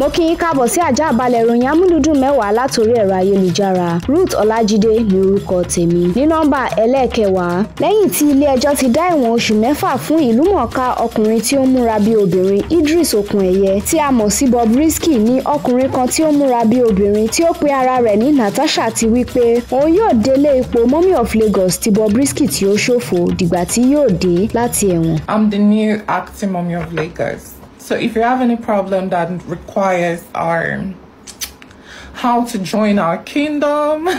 mo kí yín káàbọ̀ sí àjà àbálẹ̀ ìròyìn amúlùdùn mẹ́wàá látòrí ẹ̀rọ ayélujára Ruth Ọlájídé ní orúkọ tèmi ní nọ́mbà ẹlẹ́ẹ̀kẹwàá lẹ́yìn tí ilé-ẹjọ́ ti dá ìwọ̀n oṣù mẹ́fà fún ìlúmọ̀ọ́ká ọkùnrin tí ó múra bí obìnrin Idris Okuneye tí a mọ̀ sí Bobrisky ní ọkùnrin kan tí ó múra bí obìnrin tí ó pe ara rẹ̀ ní Natasha ti wí pé òun yóò délé ipò mummy of Lagos ti Bobrisky tí ó ṣòfò dìgbà tí yóò dé láti ẹ̀wọ̀n. I'm the new acting mummy of Lagos. So if you have any problem that requires our how to join our kingdom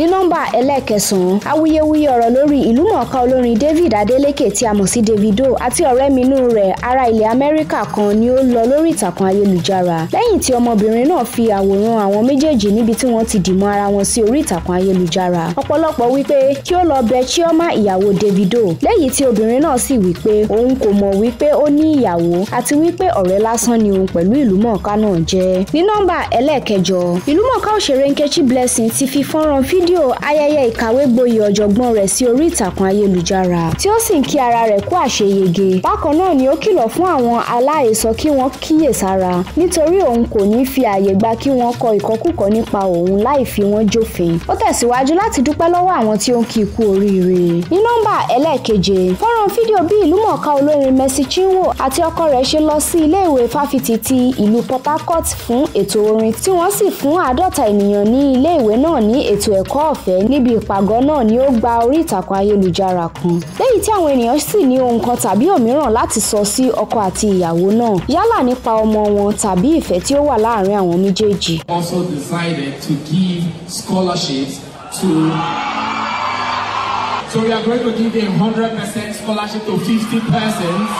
ní nọ́mbà ẹlẹ́ẹ̀kẹsàn-án awuyewuye ọ̀rọ̀ lórí ìlúmọ̀ọ́ká olórin David Adeleke tí a mọ̀ sí Davido àti ọ̀rẹ́ minú rẹ̀ ará ilẹ̀ Amẹ́ríkà kan ni ó lọ lórí ìtàkùn ayélujára lẹ́yìn tí ọmọbìnrin náà fi àwòrán àwọn méjèèjì níbi tí wọ́n ti dìmọ́ ara wọn sí orí ìtàkùn ayélujára ọ̀pọ̀lọpọ̀ wípé kí ó lọ bẹ Chioma ìyàwó Davido lẹ́yìn tí obìnrin náà sì wípé òun kò mọ̀ wípé ó ní ìyàwó àti wípé ọ̀rẹ́ lásán ni òun pẹ̀lú ìlúmọ̀ọ́ká náà jẹ́ ní nọ́mbà ẹlẹ́ẹ̀kẹjọ ìlúmọ̀ọ́ká òṣèré Nkechi Blessing ti fi fọ́nrán fíd fídíò ayẹyẹ ìkàwégboyè ọ̀jọ̀gbọ́n rẹ̀ sí orí ìtàkùn ayélujára tí ó sì ń kí ara rẹ̀ kú àṣeyege bákan náà ni ó kìlọ̀ fún àwọn aláhesọ kí wọ́n kíyèsára nítorí òun kò ní fi àyè gba kí wọ́n kọ ìkọkúkọ nípa òun láì fi wọ́n jófin ó tẹ̀síwájú láti dúpẹ́ lọ́wọ́ àwọn tí ó ń kí i kú oríire ní nọ́mbà ẹlẹ́ẹ̀keje fọ́nrán fídíò bí ìlúmọ̀ọ́ká olórin Mercy Chinwo àti ọkọ rẹ̀ ṣe lọ sí ilé ìwé fáfitì ti ìlú Port Harcourt fún ètò orin tí wọ́n sì fún àádọ́ta ènìyàn ní ilé ìwé náà ní ètò ẹ̀kọ́ ẹ̀kọ́ ọ̀fẹ́ níbi ìpàgọ́ náà ni ó gba orí ìtàkùn ayélujára kan lẹ́yìn tí àwọn ènìyàn sì ní ohun kan tàbí òmíràn láti sọ sí ọkọ àti ìyàwó náà yálà nípa ọmọ wọn tàbí ìfẹ́ tí ó wà láàárín àwọn méjèèjì. Also decided to give scholarships to So we are going to give a 100% scholarship to 50 persons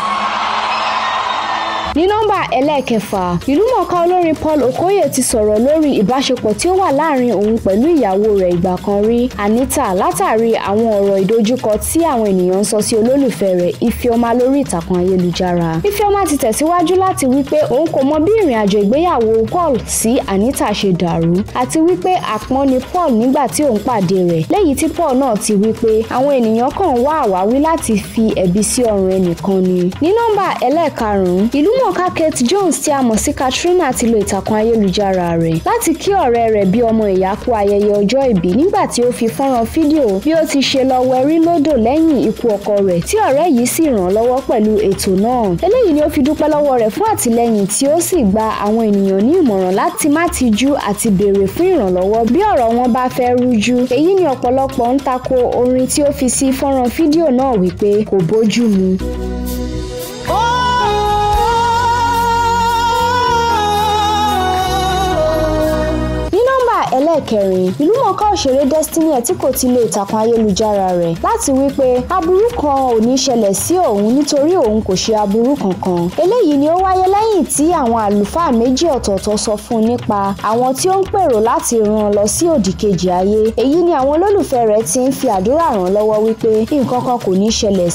ní nọ́mbà ẹlẹ́ẹ̀kẹfà ìlúmọ̀ọ́ká olórin Paul Okoye ti sọ̀rọ̀ lórí ìbáṣepọ̀ tí ó wà láàrin òun pẹ̀lú ìyàwó rẹ̀ ìgbà kan rí Anita látàrí àwọn ọ̀rọ̀ ìdojúkọ tí àwọn ènìyàn ń sọ sí olólùfẹ́ rẹ̀ Ifeoma lórí ìtàkùn ayélujára Ifeoma ti tẹ̀síwájú láti wí pé òun kò mọ bí ìrìn àjò ìgbéyàwó Paul sí Anita ṣe dàrú àti wí àpọ́n ni Paul nígbà tí òun pàdé rẹ̀ lẹ́yìn tí Paul náà ti wí pé àwọn ènìyàn kàn wá àwáwí láti fi ẹ̀bi sí ọrùn ẹnìkan ni ní nọ́mbà ẹlẹ́ẹ̀karùn-ún ìlú Nneka Kate Jones tí a mọ̀ sí Katrina ti lo ìtàkùn ayélujára rẹ̀ láti kí ọ̀rẹ́ rẹ̀ bí ọmọ ìyá kú ayẹyẹ ọjọ́ ìbí nígbà tí ó fi fọ́nrán fídíò bí ó ti ṣe lọ wẹrí lódò lẹ́yìn ikú ọkọ rẹ̀ tí ọ̀rẹ́ yìí sì ràn lọ́wọ́ pẹ̀lú ètò náà eléyìí ni ó fi dúpẹ́ lọ́wọ́ rẹ̀ fún àtìlẹ́yìn tí ó sì gba àwọn ènìyàn ní ìmọ̀ràn láti má tijú àti béèrè fún ìrànlọ́wọ́ bí ọ̀rọ̀ wọn bá fẹ́ rújú èyí ni ọ̀pọ̀lọpọ̀ ń tako orin tí ó fi sí fọ́nrán fídíò náà wípé kò bójú mu. ẹlẹ́ẹ̀kẹrin ìlúmọ̀ọ́ká òṣèré Destiny Etiko ti lo ìtàkùn ayélujára rẹ̀ láti wí pé aburú kan ò ní ṣẹlẹ̀ sí òun nítorí òun kò ṣe aburú kankan eléyìí ni ó wáyé lẹ́yìn tí àwọn àlùfáà méjì ọ̀tọ̀ọ̀tọ̀ sọ fún nípa àwọn tí ó ń pèrò láti ràn lọ sí òdì kejì ayé èyí ni àwọn olólùfẹ́ rẹ̀ ti ń fi àdúrà ràn lọ́wọ́ wípé nǹkan kan kò ní ṣẹlẹ̀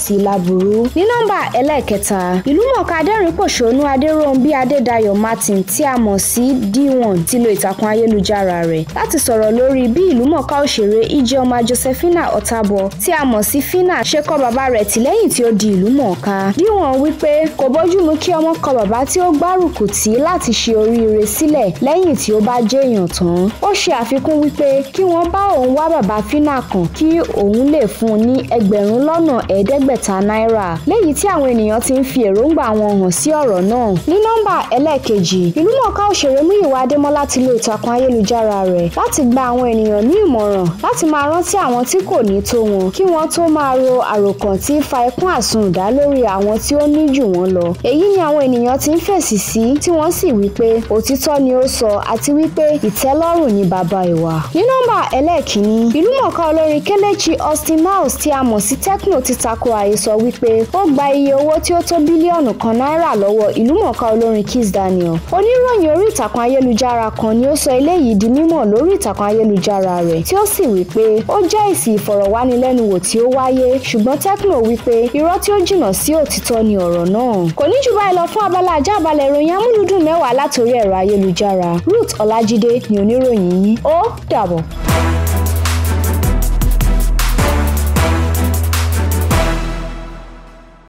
láti sọ̀rọ̀ lórí bí ìlúmọ̀ọ́ká òṣèré Ijeoma Josephina Otabo tí a mọ̀ sí Fina ṣe kọ́ bàbá rẹ̀ tì lẹ́yìn tí ó di ìlúmọ̀ọ́ká bí wọ́n wípé kò bójú mu kí ọmọ kọ bàbá tí ó gbárùkù tì láti ṣe oríire sílẹ̀ lẹ́yìn tí ó bá jẹ́ èèyàn tán ó ṣe àfikún wípé kí wọ́n bá òun wá bàbá Fina kàn kí òun lè fún un ní ẹgbẹ̀rún lọ́nà ẹ̀ẹ́dẹ́gbẹ̀ta náírà léyìí tí àwọn ènìyàn ti ń fi èròǹgbà wọn hàn sí ọ̀rọ̀ náà ní nọ́mbà ẹlẹ́ẹ̀kejì ìlúmọ̀ọ́ká òṣèré Múyìwá Adémọ́lá ti lo ìtàkùn ayélujára rẹ̀ rẹ̀ láti gba àwọn ènìyàn ní ìmọ̀ràn láti máa rántí àwọn tí kò ní tó wọn kí wọ́n tó máa ro àròkàn tí ń fa ikún àsundà lórí àwọn tí ó ní jù wọ́n lọ èyí ni àwọn ènìyàn ti ń fèsì sí tí wọ́n sì wí pé òtítọ́ ni ó sọ àti wípé ìtẹ́lọ́rùn ni bàbá ìwà. ní nọ́mbà ẹlẹ́ẹ̀kínní ìlúmọ̀ọ́ká olórin Kelechi Austin Miles tí a mọ̀ sí Tekno ti tako àhesọ wípé ó gba iye owó tí ó tó bílíọ̀nù kan náírà lọ́wọ́ ìlúmọ̀ọ́ká olórin Kiss Daniel oníròyìn orí ìtàkùn ayélujára kan ni ó sọ eléyìí di mímọ̀ hàn lórí ìtàkùn ayélujára rẹ̀ tí ó sì wí pé ó jẹ́ èsì ìfọ̀rọ̀wánilẹ́nuwò tí ó wáyé ṣùgbọ́n Tekno wí pé irọ́ tí ó jìnnà sí òtítọ́ ni ọ̀rọ̀ náà kò ní jù báyìí lọ fún abala àjábalẹ̀ ìròyìn amúlùdùn mẹ́wàá látòrí ẹ̀rọ ayélujára Ruth Ọlájídé ni oníròyìn yìí ó dàbọ̀.